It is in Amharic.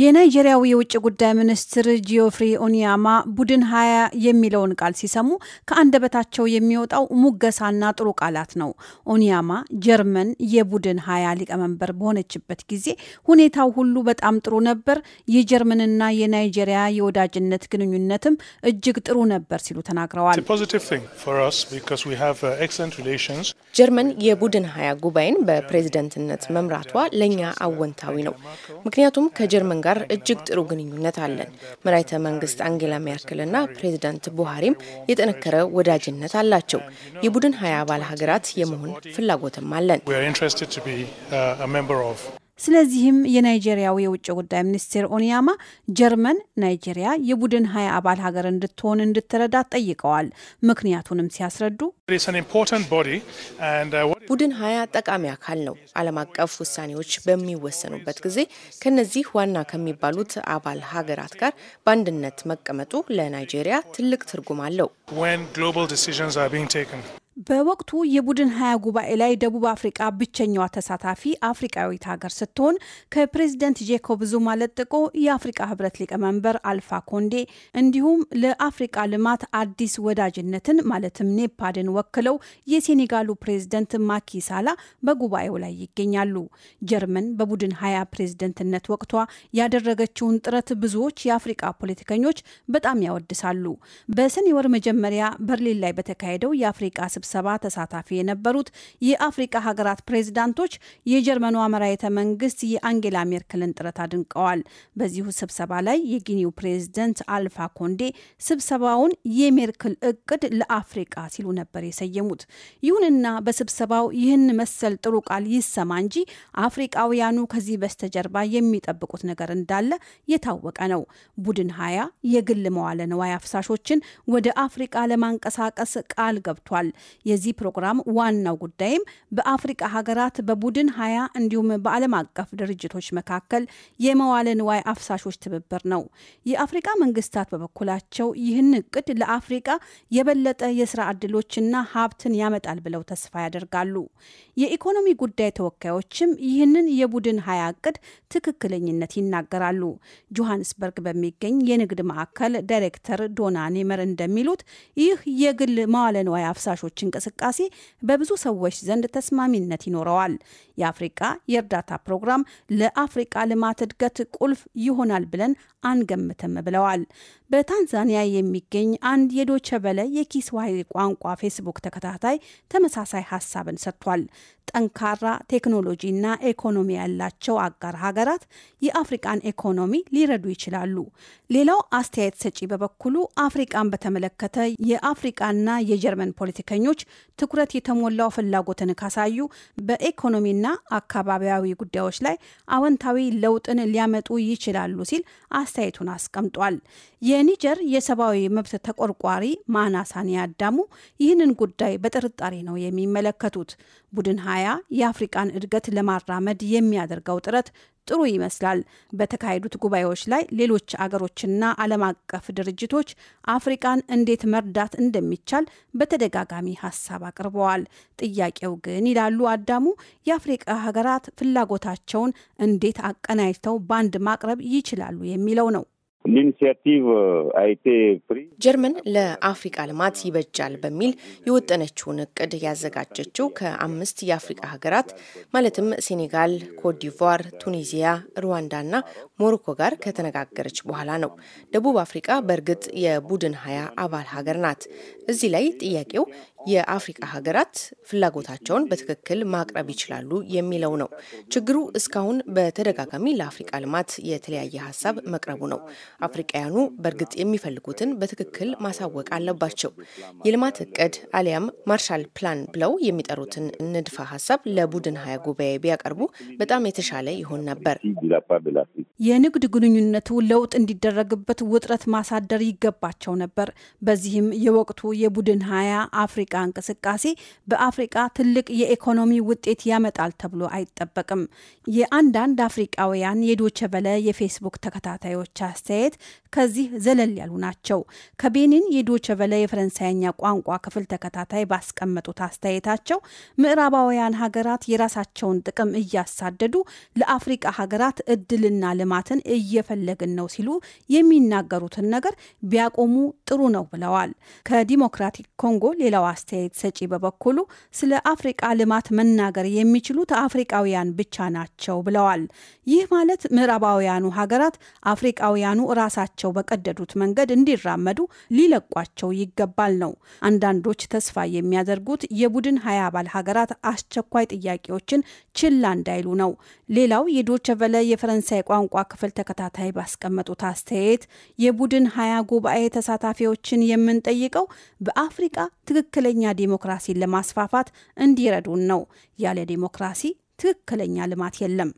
የናይጄሪያው የውጭ ጉዳይ ሚኒስትር ጂኦፍሪ ኦኒያማ ቡድን ሀያ የሚለውን ቃል ሲሰሙ ከአንደበታቸው የሚወጣው ሙገሳና ጥሩ ቃላት ነው። ኦኒያማ ጀርመን የቡድን ሀያ ሊቀመንበር በሆነችበት ጊዜ ሁኔታው ሁሉ በጣም ጥሩ ነበር፣ የጀርመንና የናይጄሪያ የወዳጅነት ግንኙነትም እጅግ ጥሩ ነበር ሲሉ ተናግረዋል። ጀርመን የቡድን ሀያ ጉባኤን በፕሬዝደንትነት መምራቷ ለእኛ አወንታዊ ነው። ምክንያቱም ከጀርመን ጋር እጅግ ጥሩ ግንኙነት አለን። መራይተ መንግስት አንጌላ ሜርክልና ፕሬዝደንት ቡሃሪም የጠነከረ ወዳጅነት አላቸው። የቡድን ሀያ አባል ሀገራት የመሆን ፍላጎትም አለን። ስለዚህም የናይጄሪያው የውጭ ጉዳይ ሚኒስቴር ኦኒያማ ጀርመን ናይጄሪያ የቡድን ሀያ አባል ሀገር እንድትሆን እንድትረዳ ጠይቀዋል። ምክንያቱንም ሲያስረዱ uh, ቡድን ሀያ ጠቃሚ አካል ነው። ዓለም አቀፍ ውሳኔዎች በሚወሰኑበት ጊዜ ከነዚህ ዋና ከሚባሉት አባል ሀገራት ጋር በአንድነት መቀመጡ ለናይጄሪያ ትልቅ ትርጉም አለው። በወቅቱ የቡድን ሀያ ጉባኤ ላይ ደቡብ አፍሪቃ ብቸኛዋ ተሳታፊ አፍሪቃዊት ሀገር ስትሆን ከፕሬዚደንት ጄኮብ ዙማ ለጥቆ የአፍሪቃ ህብረት ሊቀመንበር አልፋ ኮንዴ እንዲሁም ለአፍሪቃ ልማት አዲስ ወዳጅነትን ማለትም ኔፓድን ወክለው የሴኔጋሉ ፕሬዚደንት ማኪ ሳላ በጉባኤው ላይ ይገኛሉ። ጀርመን በቡድን ሀያ ፕሬዝደንትነት ወቅቷ ያደረገችውን ጥረት ብዙዎች የአፍሪቃ ፖለቲከኞች በጣም ያወድሳሉ። በሰኔ ወር መጀመሪያ በርሊን ላይ በተካሄደው የአፍሪቃ ስብሰባ ስብሰባ ተሳታፊ የነበሩት የአፍሪቃ ሀገራት ፕሬዚዳንቶች የጀርመኗ መራሄተ መንግስት የአንጌላ ሜርክልን ጥረት አድንቀዋል። በዚሁ ስብሰባ ላይ የጊኒው ፕሬዚደንት አልፋ ኮንዴ ስብሰባውን የሜርክል እቅድ ለአፍሪቃ ሲሉ ነበር የሰየሙት። ይሁንና በስብሰባው ይህን መሰል ጥሩ ቃል ይሰማ እንጂ አፍሪቃውያኑ ከዚህ በስተጀርባ የሚጠብቁት ነገር እንዳለ የታወቀ ነው። ቡድን ሀያ የግል መዋለ ነዋይ አፍሳሾችን ወደ አፍሪቃ ለማንቀሳቀስ ቃል ገብቷል። የዚህ ፕሮግራም ዋናው ጉዳይም በአፍሪቃ ሀገራት በቡድን ሀያ እንዲሁም በዓለም አቀፍ ድርጅቶች መካከል የመዋለ ንዋይ አፍሳሾች ትብብር ነው። የአፍሪቃ መንግስታት በበኩላቸው ይህን እቅድ ለአፍሪቃ የበለጠ የስራ እድሎችና ሀብትን ያመጣል ብለው ተስፋ ያደርጋሉ። የኢኮኖሚ ጉዳይ ተወካዮችም ይህንን የቡድን ሀያ እቅድ ትክክለኝነት ይናገራሉ። ጆሃንስበርግ በሚገኝ የንግድ ማዕከል ዳይሬክተር ዶና ኔመር እንደሚሉት ይህ የግል መዋለ ንዋይ አፍሳሾችን እንቅስቃሴ በብዙ ሰዎች ዘንድ ተስማሚነት ይኖረዋል። የአፍሪቃ የእርዳታ ፕሮግራም ለአፍሪቃ ልማት እድገት ቁልፍ ይሆናል ብለን አንገምትም ብለዋል። በታንዛኒያ የሚገኝ አንድ የዶቸበለ የኪስዋሂሊ ቋንቋ ፌስቡክ ተከታታይ ተመሳሳይ ሀሳብን ሰጥቷል። ጠንካራ ቴክኖሎጂና ኢኮኖሚ ያላቸው አጋር ሀገራት የአፍሪቃን ኢኮኖሚ ሊረዱ ይችላሉ። ሌላው አስተያየት ሰጪ በበኩሉ አፍሪቃን በተመለከተ የአፍሪቃና የጀርመን ፖለቲከኞች ትኩረት የተሞላው ፍላጎትን ካሳዩ በኢኮኖሚና አካባቢያዊ ጉዳዮች ላይ አወንታዊ ለውጥን ሊያመጡ ይችላሉ ሲል አስተያየቱን አስቀምጧል። የኒጀር የሰብአዊ መብት ተቆርቋሪ ማናሳን ያዳሙ አዳሙ ይህንን ጉዳይ በጥርጣሬ ነው የሚመለከቱት። ቡድን ሀያ የአፍሪቃን እድገት ለማራመድ የሚያደርገው ጥረት ጥሩ ይመስላል። በተካሄዱት ጉባኤዎች ላይ ሌሎች አገሮችና ዓለም አቀፍ ድርጅቶች አፍሪቃን እንዴት መርዳት እንደሚቻል በተደጋጋሚ ሀሳብ አቅርበዋል። ጥያቄው ግን ይላሉ አዳሙ፣ የአፍሪቃ ሀገራት ፍላጎታቸውን እንዴት አቀናጅተው በአንድ ማቅረብ ይችላሉ የሚለው ነው። ጀርመን ለአፍሪቃ ልማት ይበጃል በሚል የወጠነችውን እቅድ ያዘጋጀችው ከአምስት የአፍሪቃ ሀገራት ማለትም ሴኔጋል፣ ኮትዲቯር፣ ቱኒዚያ፣ ሩዋንዳ እና ሞሮኮ ጋር ከተነጋገረች በኋላ ነው። ደቡብ አፍሪቃ በእርግጥ የቡድን ሀያ አባል ሀገር ናት። እዚህ ላይ ጥያቄው የአፍሪቃ ሀገራት ፍላጎታቸውን በትክክል ማቅረብ ይችላሉ የሚለው ነው። ችግሩ እስካሁን በተደጋጋሚ ለአፍሪቃ ልማት የተለያየ ሀሳብ መቅረቡ ነው። አፍሪቃውያኑ በእርግጥ የሚፈልጉትን በትክክል ማሳወቅ አለባቸው። የልማት እቅድ አሊያም ማርሻል ፕላን ብለው የሚጠሩትን ንድፈ ሀሳብ ለቡድን ሀያ ጉባኤ ቢያቀርቡ በጣም የተሻለ ይሆን ነበር። የንግድ ግንኙነቱ ለውጥ እንዲደረግበት ውጥረት ማሳደር ይገባቸው ነበር። በዚህም የወቅቱ የቡድን ሀያ አፍሪ የአፍሪቃ እንቅስቃሴ በአፍሪቃ ትልቅ የኢኮኖሚ ውጤት ያመጣል ተብሎ አይጠበቅም። የአንዳንድ አፍሪቃውያን የዶቸበለ የፌስቡክ ተከታታዮች አስተያየት ከዚህ ዘለል ያሉ ናቸው። ከቤኒን የዶቸበለ የፈረንሳይኛ ቋንቋ ክፍል ተከታታይ ባስቀመጡት አስተያየታቸው ምዕራባውያን ሀገራት የራሳቸውን ጥቅም እያሳደዱ ለአፍሪቃ ሀገራት እድልና ልማትን እየፈለግን ነው ሲሉ የሚናገሩትን ነገር ቢያቆሙ ጥሩ ነው ብለዋል። ከዲሞክራቲክ ኮንጎ ሌላው አስተያየት ሰጪ በበኩሉ ስለ አፍሪቃ ልማት መናገር የሚችሉት አፍሪቃውያን ብቻ ናቸው ብለዋል። ይህ ማለት ምዕራባውያኑ ሀገራት አፍሪቃውያኑ ራሳቸው በቀደዱት መንገድ እንዲራመዱ ሊለቋቸው ይገባል ነው። አንዳንዶች ተስፋ የሚያደርጉት የቡድን ሀያ አባል ሀገራት አስቸኳይ ጥያቄዎችን ችላ እንዳይሉ ነው። ሌላው የዶቸቨለ የፈረንሳይ ቋንቋ ክፍል ተከታታይ ባስቀመጡት አስተያየት የቡድን ሀያ ጉባኤ ተሳታፊዎችን የምንጠይቀው በአፍሪቃ ትክክለ ትክክለኛ ዲሞክራሲን ለማስፋፋት እንዲረዱን ነው። ያለ ዲሞክራሲ ትክክለኛ ልማት የለም።